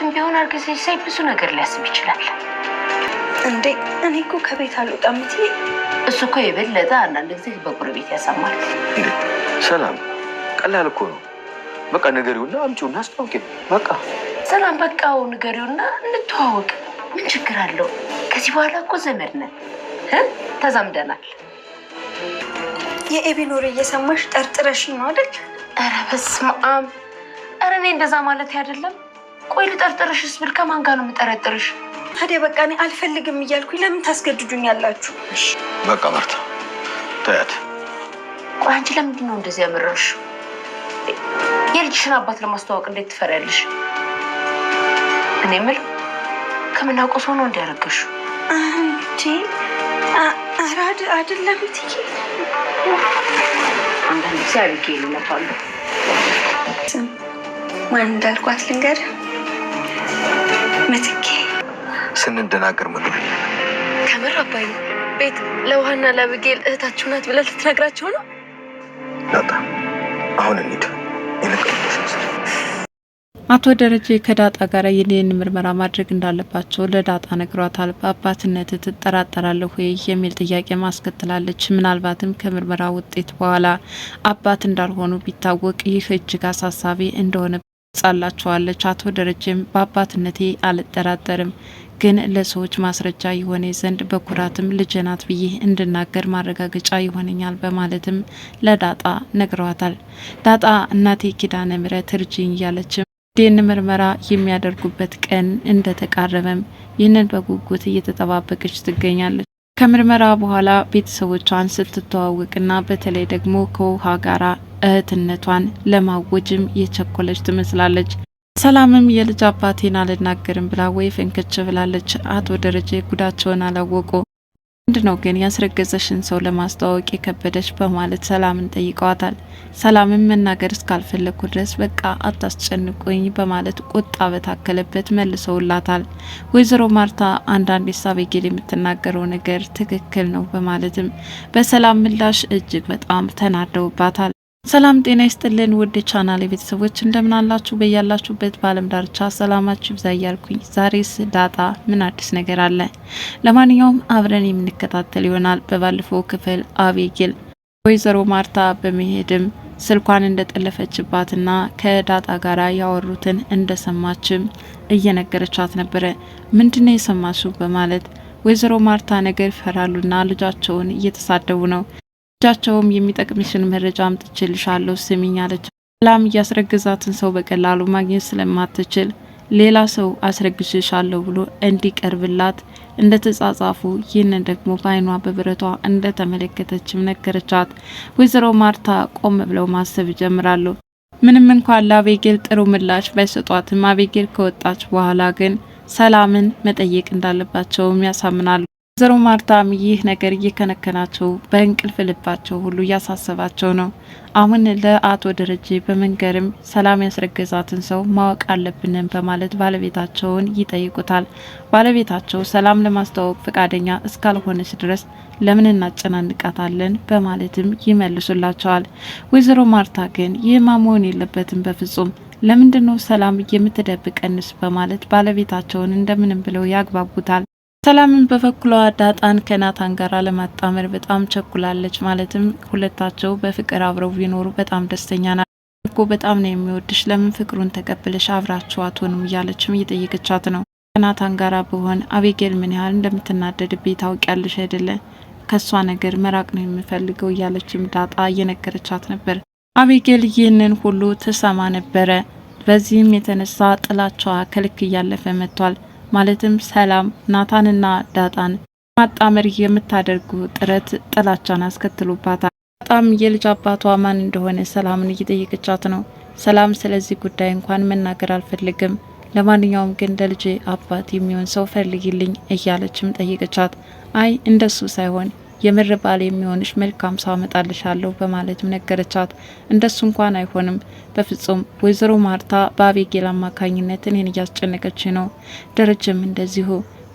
ምናልባትም ቢሆን አርግዜ ሳይ ብዙ ነገር ሊያስብ ይችላል። እንዴ እኔ እኮ ከቤት አልወጣም እትዬ። እሱ እኮ የበለጠ አንዳንድ ጊዜ በጎረቤት ያሰማል። ሰላም ቀላል እኮ ነው። በቃ ንገሪውና አምጪውና አስታውቂ። በቃ ሰላም፣ በቃው ንገሪውና እንተዋወቅ። ምን ችግር አለው? ከዚህ በኋላ እኮ ዘመድ ነን፣ ተዛምደናል። የኤቢን ወሬ እየሰማሽ ጠርጥረሽ ነው አይደል? ኧረ በስመ አብ! ኧረ እኔ እንደዛ ማለት አይደለም። ቆይ ልጠርጥርሽ ስብል ከማን ጋር ነው የምጠረጥርሽ? ታዲያ በቃ እኔ አልፈልግም እያልኩኝ ለምን ታስገድዱኛላችሁ? በቃ ማርታ ተያት። ቆይ አንቺ ለምንድን ነው እንደዚህ ያመረርሽ? የልጅሽን አባት ለማስተዋወቅ እንዴት ትፈሪያለሽ? እኔ ምል ከምናውቀ ሰው ነው እንዲያረገሹ እንጂ አራድ አይደለም። ትይ አንዳንድ ጊዜ አድርጌ ይልነቷሉ ማን እንዳልኳት ልንገርህ ምትኬ ስንደናገር ምኑ ከምር አባዬ ቤት ለውሃና ለአብጌል እህታችሁ ናት ብለህ ልትነግራቸው ነው? ዳጣ አሁን እንሂድ። አቶ ደረጀ ከዳጣ ጋር የኔን ምርመራ ማድረግ እንዳለባቸው ለዳጣ ነግሯታል። በአባትነት ትጠራጠራለሁ ወይ የሚል ጥያቄ ማስከትላለች። ምናልባትም ከምርመራ ውጤት በኋላ አባት እንዳልሆኑ ቢታወቅ ይህ እጅግ አሳሳቢ እንደሆነ ጻላቸዋለች አቶ ደረጀም በአባትነቴ አልጠራጠርም፣ ግን ለሰዎች ማስረጃ የሆነ ዘንድ በኩራትም ልጄ ናት ብዬ እንድናገር ማረጋገጫ ይሆነኛል በማለትም ለዳጣ ነግረዋታል። ዳጣ እናቴ ኪዳነ ምሕረት እርጅኝ እያለችም ዴን ምርመራ የሚያደርጉበት ቀን እንደተቃረበም ይህንን በጉጉት እየተጠባበቀች ትገኛለች። ከምርመራ በኋላ ቤተሰቦቿን ስትተዋወቅና በተለይ ደግሞ ከውሃ ጋራ እህትነቷን ለማወጅም የቸኮለች ትመስላለች። ሰላምም የልጅ አባቴን አልናገርም ብላ ወይ ፍንክች ብላለች። አቶ ደረጀ ጉዳቸውን አላወቁ። ምንድ ነው ግን ያስረገዘሽን ሰው ለማስተዋወቅ የከበደች በማለት ሰላምን ጠይቀዋታል። ሰላምን መናገር እስካልፈለግኩ ድረስ በቃ አታስጨንቁኝ በማለት ቁጣ በታከለበት መልሰውላታል። ወይዘሮ ማርታ አንዳንድ ሳቤጌል የምትናገረው ነገር ትክክል ነው በማለትም በሰላም ምላሽ እጅግ በጣም ተናደውባታል። ሰላም ጤና ይስጥልን ውድ ቻናል ቤተሰቦች እንደምናላችሁ በያላችሁበት በአለም ዳርቻ ሰላማችሁ ይብዛ እያልኩኝ ዛሬስ ዳጣ ምን አዲስ ነገር አለ? ለማንኛውም አብረን የምንከታተል ይሆናል። በባለፈው ክፍል አቤጌል ወይዘሮ ማርታ በመሄድም ስልኳን እንደጠለፈችባትና ከዳጣ ጋር ያወሩትን እንደሰማችም እየነገረቻት ነበረ። ምንድነው የሰማችሁ በማለት ወይዘሮ ማርታ ነገር ይፈራሉና ልጃቸውን እየተሳደቡ ነው እጃቸውም የሚጠቅምሽን መረጃ አምጥቼልሻለሁ ስሚኝ አለችው። ሰላም እያስረገዛትን ሰው በቀላሉ ማግኘት ስለማትችል ሌላ ሰው አስረግዝሻለሁ ብሎ እንዲቀርብላት እንደ ተጻጻፉ ይህንን ደግሞ በአይኗ በብረቷ እንደ ተመለከተችም ነገረቻት። ወይዘሮ ማርታ ቆም ብለው ማሰብ ይጀምራሉ። ምንም እንኳን ለአቤጌል ጥሩ ምላሽ ባይሰጧትም አቤጌል ከወጣች በኋላ ግን ሰላምን መጠየቅ እንዳለባቸውም ያሳምናሉ። ወይዘሮ ማርታም ይህ ነገር እየከነከናቸው በእንቅልፍ ልባቸው ሁሉ እያሳሰባቸው ነው። አሁን ለአቶ ደረጀ በመንገርም ሰላም ያስረገዛትን ሰው ማወቅ አለብንን በማለት ባለቤታቸውን ይጠይቁታል። ባለቤታቸው ሰላም ለማስተዋወቅ ፈቃደኛ እስካልሆነች ድረስ ለምን እናጨናንቃታለን በማለትም ይመልሱላቸዋል። ወይዘሮ ማርታ ግን ይህ መሆን የለበትም በፍጹም ለምንድነው ሰላም የምትደብቀንስ በማለት ባለቤታቸውን እንደምንም ብለው ያግባቡታል። ሰላምን በበኩሏ ዳጣን ከናታን ጋር ለማጣመር በጣም ቸኩላለች። ማለትም ሁለታቸው በፍቅር አብረው ቢኖሩ በጣም ደስተኛ ናት እኮ በጣም ነው የሚወድሽ፣ ለምን ፍቅሩን ተቀብለሽ አብራችሁ አትሆኑም እያለችም እየጠየቀቻት ነው። ከናታን ጋር ብሆን አቤጌል ምን ያህል እንደምትናደድብኝ ታውቂያለሽ አይደለ? ከእሷ ነገር መራቅ ነው የምፈልገው እያለችም ዳጣ እየነገረቻት ነበር። አቤጌል ይህንን ሁሉ ትሰማ ነበረ። በዚህም የተነሳ ጥላቸዋ ከልክ እያለፈ መጥቷል። ማለትም ሰላም ናታንና ዳጣን ማጣመር የምታደርጉ ጥረት ጥላቻን አስከትሎባታል። በጣም የልጅ አባቷ ማን እንደሆነ ሰላምን እየጠየቀቻት ነው። ሰላም ስለዚህ ጉዳይ እንኳን መናገር አልፈልግም፣ ለማንኛውም ግን ለልጄ አባት የሚሆን ሰው ፈልጊልኝ እያለችም ጠየቀቻት። አይ እንደሱ ሳይሆን የምር ባል የሚሆንሽ መልካም ሰው አመጣልሻለሁ በማለትም ነገረቻት። እንደሱ እንኳን አይሆንም በፍጹም ወይዘሮ ማርታ በአቤጌል አማካኝነት እኔን እያስጨነቀች ነው። ደረጀም እንደዚሁ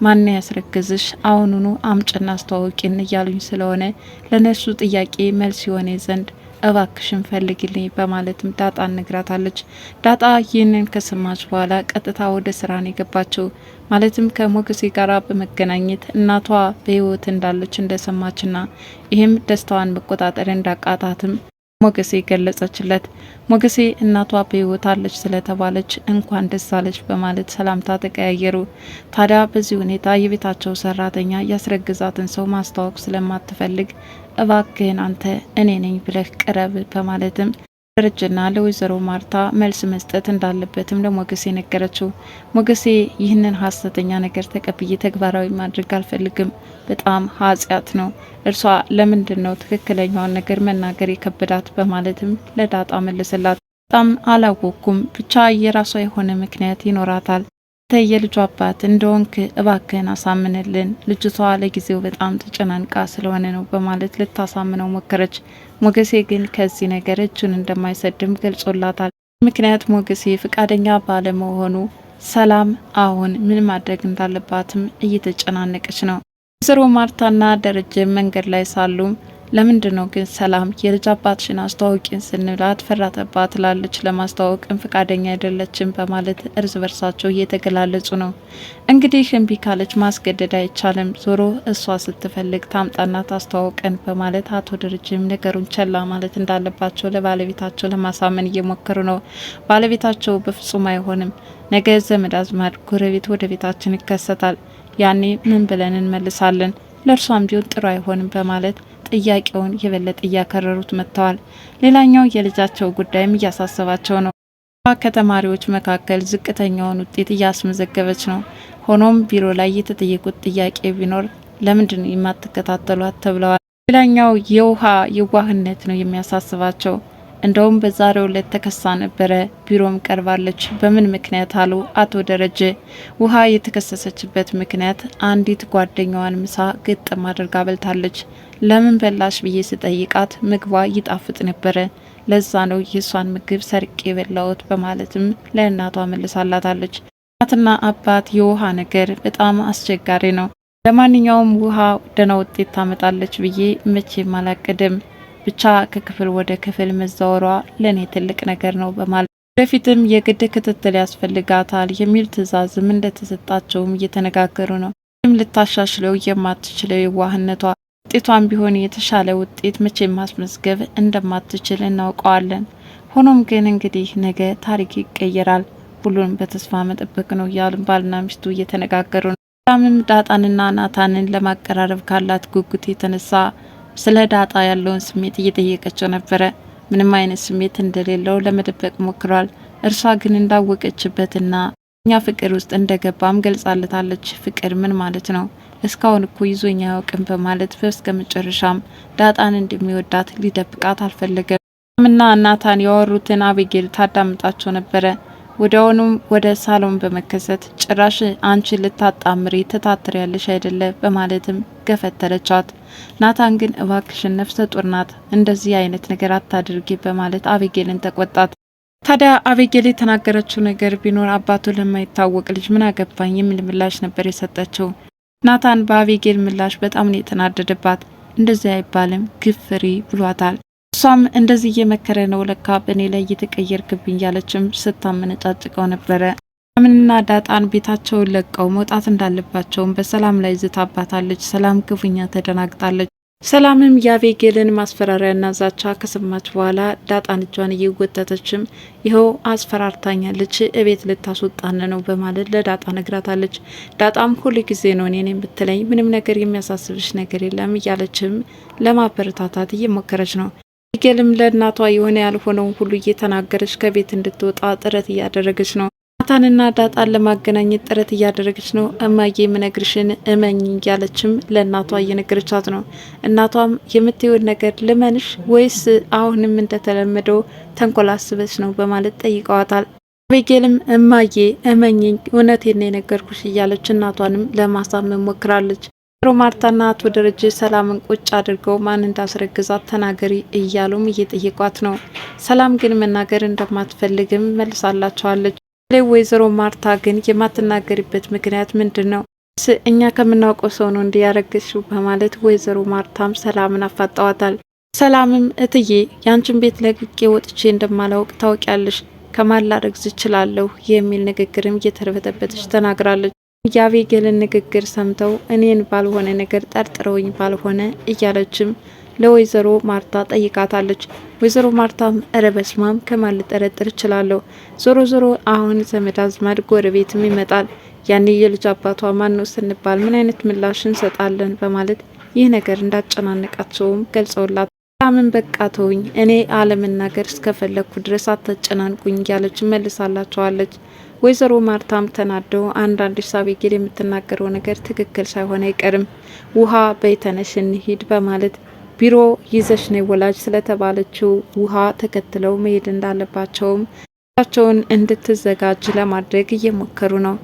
ማን ያስረግዝሽ አሁኑኑ አምጭና አስተዋወቂን እያሉኝ ስለሆነ ለነሱ ጥያቄ መልስ የሆነ ዘንድ እባክሽን ፈልግልኝ በማለትም ዳጣ ነግራታለች። ዳጣ ይህንን ከሰማች በኋላ ቀጥታ ወደ ስራ ነው የገባችው። ማለትም ከሞገሴ ጋር በመገናኘት እናቷ በህይወት እንዳለች እንደሰማችና ይህም ደስታዋን መቆጣጠር እንዳቃታትም ሞገሴ ገለጸችለት። ሞገሴ እናቷ በህይወት አለች ስለተባለች እንኳን ደስ አለች በማለት ሰላምታ ተቀያየሩ። ታዲያ በዚህ ሁኔታ የቤታቸው ሰራተኛ ያስረግዛትን ሰው ማስተዋወቅ ስለማትፈልግ እባክህን አንተ እኔ ነኝ ብለህ ቅረብ በማለትም ደረጀና ለወይዘሮ ማርታ መልስ መስጠት እንዳለበትም ለሞገሴ ነገረችው። ሞገሴ ይህንን ሀሰተኛ ነገር ተቀብዬ ተግባራዊ ማድረግ አልፈልግም፣ በጣም ኃጢአት ነው። እርሷ ለምንድን ነው ትክክለኛውን ነገር መናገር የከበዳት? በማለትም ለዳጣ መለሰላት። በጣም አላወቅኩም፣ ብቻ የራሷ የሆነ ምክንያት ይኖራታል የልጁ አባት እንደሆንክ እባክህን አሳምንልን፣ ልጅቷ ለጊዜው በጣም ተጨናንቃ ስለሆነ ነው በማለት ልታሳምነው ሞከረች። ሞገሴ ግን ከዚህ ነገር እጁን እንደማይሰድም ገልጾላታል። ምክንያት ሞገሴ ፈቃደኛ ባለመሆኑ ሰላም አሁን ምን ማድረግ እንዳለባትም እየተጨናነቀች ነው። ወይዘሮ ማርታና ደረጀ መንገድ ላይ ሳሉም ለምንድን ነው ግን ሰላም የልጅ አባትሽን አስተዋውቂን ስንላት ፈራተባ ትላለች። ለማስተዋወቅም ፈቃደኛ አይደለችም በማለት እርስ በርሳቸው እየተገላለጹ ነው። እንግዲህ እምቢ ካለች ማስገደድ አይቻልም። ዞሮ እሷ ስትፈልግ ታምጣና ታስተዋውቀን በማለት አቶ ድርጅም ነገሩን ቸላ ማለት እንዳለባቸው ለባለቤታቸው ለማሳመን እየሞከሩ ነው። ባለቤታቸው በፍጹም አይሆንም፣ ነገ ዘመድ አዝማድ፣ ጎረቤት ወደ ቤታችን ይከሰታል። ያኔ ምን ብለን እንመልሳለን? ለእርሷም ቢሆን ጥሩ አይሆንም በማለት ጥያቄውን የበለጠ እያከረሩት መጥተዋል። ሌላኛው የልጃቸው ጉዳይም እያሳሰባቸው ነው። ከተማሪዎች መካከል ዝቅተኛውን ውጤት እያስመዘገበች ነው። ሆኖም ቢሮ ላይ የተጠየቁት ጥያቄ ቢኖር ለምንድን የማትከታተሏት ተብለዋል። ሌላኛው የውሃ የዋህነት ነው የሚያሳስባቸው። እንደውም በዛሬው ዕለት ተከሳ ነበረ። ቢሮም ቀርባለች። በምን ምክንያት አሉ አቶ ደረጀ። ውሃ የተከሰሰችበት ምክንያት አንዲት ጓደኛዋን ምሳ ግጥም አድርጋ በልታለች። ለምን በላሽ ብዬ ስጠይቃት ምግቧ ይጣፍጥ ነበረ፣ ለዛ ነው የእሷን ምግብ ሰርቄ የበላሁት በማለትም ለእናቷ መልሳላታለች። እናትና አባት የውሃ ነገር በጣም አስቸጋሪ ነው። ለማንኛውም ውሃ ደህና ውጤት ታመጣለች ብዬ መቼም አላቅድም። ብቻ ከክፍል ወደ ክፍል መዛወሯ ለእኔ ትልቅ ነገር ነው በማለት ወደፊትም የግድ ክትትል ያስፈልጋታል የሚል ትዕዛዝም እንደተሰጣቸውም እየተነጋገሩ ነው። ይህም ልታሻሽለው የማትችለው የዋህነቷ ውጤቷን ቢሆን የተሻለ ውጤት መቼ ማስመዝገብ እንደማትችል እናውቀዋለን። ሆኖም ግን እንግዲህ ነገ ታሪክ ይቀየራል፣ ሁሉን በተስፋ መጠበቅ ነው እያሉ ባልና ሚስቱ እየተነጋገሩ ነው። ዳጣንና ናታንን ለማቀራረብ ካላት ጉጉት የተነሳ ስለ ዳጣ ያለውን ስሜት እየጠየቀችው ነበረ። ምንም አይነት ስሜት እንደሌለው ለመደበቅ ሞክሯል። እርሷ ግን እንዳወቀችበትና እኛ ፍቅር ውስጥ እንደገባም ገልጻለታለች። ፍቅር ምን ማለት ነው? እስካሁን እኮ ይዞኛ ያውቅም በማለት በስተ መጨረሻም ዳጣን እንደሚወዳት ሊደብቃት አልፈለገም። ምና እናታን ያወሩትን አቤጌል ታዳምጣቸው ነበረ። ወዲያውኑም ወደ ሳሎን በመከሰት ጭራሽ አንቺ ልታጣምሪ ትታትር ያለሽ አይደለ? በማለትም ገፈተለቻት። ናታን ግን እባክሽን ነፍሰ ጡር ናት፣ እንደዚህ አይነት ነገር አታድርጊ በማለት አቤጌልን ተቆጣት። ታዲያ አቤጌል የተናገረችው ነገር ቢኖር አባቱ ለማይታወቅ ልጅ ምን አገባኝ የሚል ምላሽ ነበር የሰጠችው። ናታን በአቤጌል ምላሽ በጣም ነው የተናደደባት። እንደዚህ አይባልም ግፍሪ ብሏታል። እሷም እንደዚህ እየመከረ ነው ለካ በእኔ ላይ እየተቀየርክብኝ ያለችም ስታመነጫጭቀው ነበረ። ምንና ዳጣን ቤታቸውን ለቀው መውጣት እንዳለባቸውም በሰላም ላይ ዝታባታለች። ሰላም ክፉኛ ተደናግጣለች። ሰላምም የአቤጌልን ማስፈራሪያና ዛቻ ከሰማች በኋላ ዳጣን እጇን እየወጠተችም ይኸው አስፈራርታኛለች፣ እቤት ልታስወጣን ነው በማለት ለዳጣ ነግራታለች። ዳጣም ሁል ጊዜ ነው እኔን የምትለኝ፣ ምንም ነገር የሚያሳስብሽ ነገር የለም እያለችም ለማበረታታት እየሞከረች ነው። አስቴርም ለእናቷ የሆነ ያልሆነውን ሁሉ እየተናገረች ከቤት እንድትወጣ ጥረት እያደረገች ነው። ናታንና ዳጣን ለማገናኘት ጥረት እያደረገች ነው። እማዬ የምነግርሽን እመኝ እያለችም ለእናቷ እየነገረቻት ነው። እናቷም የምትይውን ነገር ልመንሽ ወይስ አሁንም እንደተለመደው ተንኮላስበች ነው በማለት ጠይቀዋታል። አቤጌልም እማዬ እመኝኝ፣ እውነቴን ነው የነገርኩሽ እያለች እናቷንም ለማሳመን ሞክራለች። ወይዘሮ ማርታና አቶ ደረጀ ሰላምን ቁጭ አድርገው ማን እንዳስረግዛት ተናገሪ እያሉም እየጠየቋት ነው። ሰላም ግን መናገር እንደማትፈልግም መልሳላቸዋለች። ወይዘሮ ማርታ ግን የማትናገሪበት ምክንያት ምንድን ነው? እኛ ከምናውቀው ሰው ነው እንዲያረግሽው በማለት ወይዘሮ ማርታም ሰላምን አፋጠዋታል። ሰላምም እትዬ ያንቺን ቤት ለቅቄ ወጥቼ እንደማላውቅ ታውቂያለሽ፣ ከማላረግዝ እችላለሁ የሚል ንግግርም እየተርበተበተች ተናግራለች። የአቤጌልን ንግግር ሰምተው እኔን ባልሆነ ነገር ጠርጥረውኝ ባልሆነ እያለችም ለወይዘሮ ማርታ ጠይቃታለች። ወይዘሮ ማርታም እረ በስማም ከማን ልጠረጥር እችላለሁ? ዞሮ ዞሮ አሁን ዘመድ አዝማድ ጎረቤትም ይመጣል። ያኔ የልጅ አባቷ ማን ነው ስንባል ምን አይነት ምላሽ እንሰጣለን? በማለት ይህ ነገር እንዳጨናነቃቸውም ገልጸውላት ምን በቃ ተውኝ፣ እኔ አለመናገር እስከፈለግኩ ድረስ አታጨናንቁኝ እያለች መልሳላቸዋለች። ወይዘሮ ማርታም ተናደው አንዳንድ ሳቤጌል የምትናገረው ነገር ትክክል ሳይሆን አይቀርም፣ ውሃ በይተነሽ እንሂድ በማለት ቢሮ ይዘሽ ነይ ወላጅ ስለተባለችው ውሃ ተከትለው መሄድ እንዳለባቸውም ቸውን እንድትዘጋጅ ለማድረግ እየሞከሩ ነው።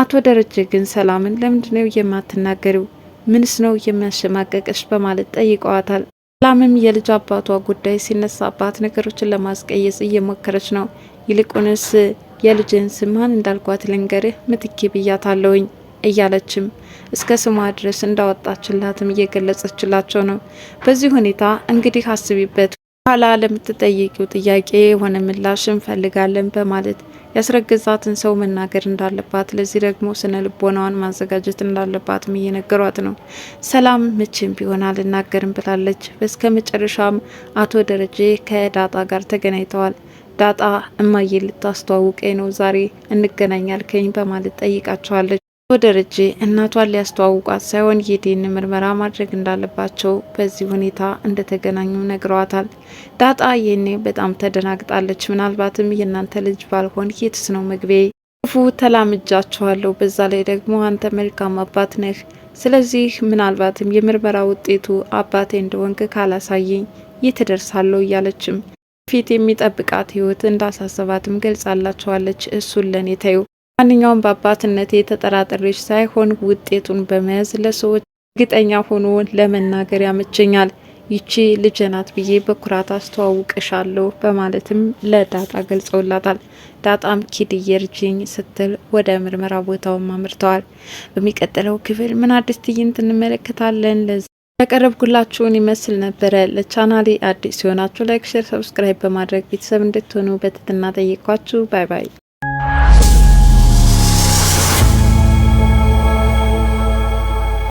አቶ ደረጀ ግን ሰላምን ለምንድነው ነው የማትናገሪው? ምንስ ነው የሚያሸማቀቅሽ? በማለት ጠይቀዋታል። ሰላምም የልጅ አባቷ ጉዳይ ሲነሳባት ነገሮችን ለማስቀየስ እየሞከረች ነው። ይልቁንስ የልጅን ስምህን እንዳልኳት ልንገርህ ምትኬ ብያታለውኝ እያለችም እስከ ስሟ ድረስ እንዳወጣችላትም እየገለጸችላቸው ነው። በዚህ ሁኔታ እንግዲህ አስቢበት ኋላ ለምትጠይቂው ጥያቄ የሆነ ምላሽ እንፈልጋለን በማለት ያስረግዛትን ሰው መናገር እንዳለባት ለዚህ ደግሞ ስነ ልቦናዋን ማዘጋጀት እንዳለባትም እየነገሯት ነው። ሰላም መቼም ቢሆን አልናገርም ብላለች። በስከ መጨረሻም አቶ ደረጀ ከዳጣ ጋር ተገናኝተዋል። ዳጣ እማዬ ልታስተዋውቀኝ ነው ዛሬ እንገናኛልከኝ በማለት ጠይቃቸዋለች። ወደ ደረጀ እናቷን ሊያስተዋውቋት ሳይሆን የዴን ምርመራ ማድረግ እንዳለባቸው በዚህ ሁኔታ እንደተገናኙ ነግረዋታል። ዳጣ ይህኔ በጣም ተደናግጣለች። ምናልባትም የእናንተ ልጅ ባልሆን የትስ ነው መግቤ ክፉ ተላምጃችኋለሁ። በዛ ላይ ደግሞ አንተ መልካም አባት ነህ። ስለዚህ ምናልባትም የምርመራ ውጤቱ አባቴ እንደወንክ ካላሳየኝ የትደርሳለሁ እያለችም ፊት የሚጠብቃት ህይወት እንዳሳሰባትም ገልጻላቸዋለች። እሱን ለኔ ተዩ። ማንኛውም በአባትነት የተጠራጠሬች ሳይሆን ውጤቱን በመያዝ ለሰዎች እርግጠኛ ሆኖ ለመናገር ያመቸኛል። ይቺ ልጄ ናት ብዬ በኩራት አስተዋውቅሻለሁ በማለትም ለዳጣ ገልጸውላታል። ዳጣም ኪድዬ እርጅኝ ስትል ወደ ምርመራ ቦታውም አምርተዋል። በሚቀጥለው ክፍል ምን አዲስ ትዕይንት እንመለከታለን? ያቀረብኩላችሁን ይመስል ነበረ። ለቻናሌ አዲስ ሲሆናችሁ ላይክ፣ ሼር፣ ሰብስክራይብ በማድረግ ቤተሰብ እንድትሆኑ በትህትና ጠይቋችሁ። ባይ ባይ።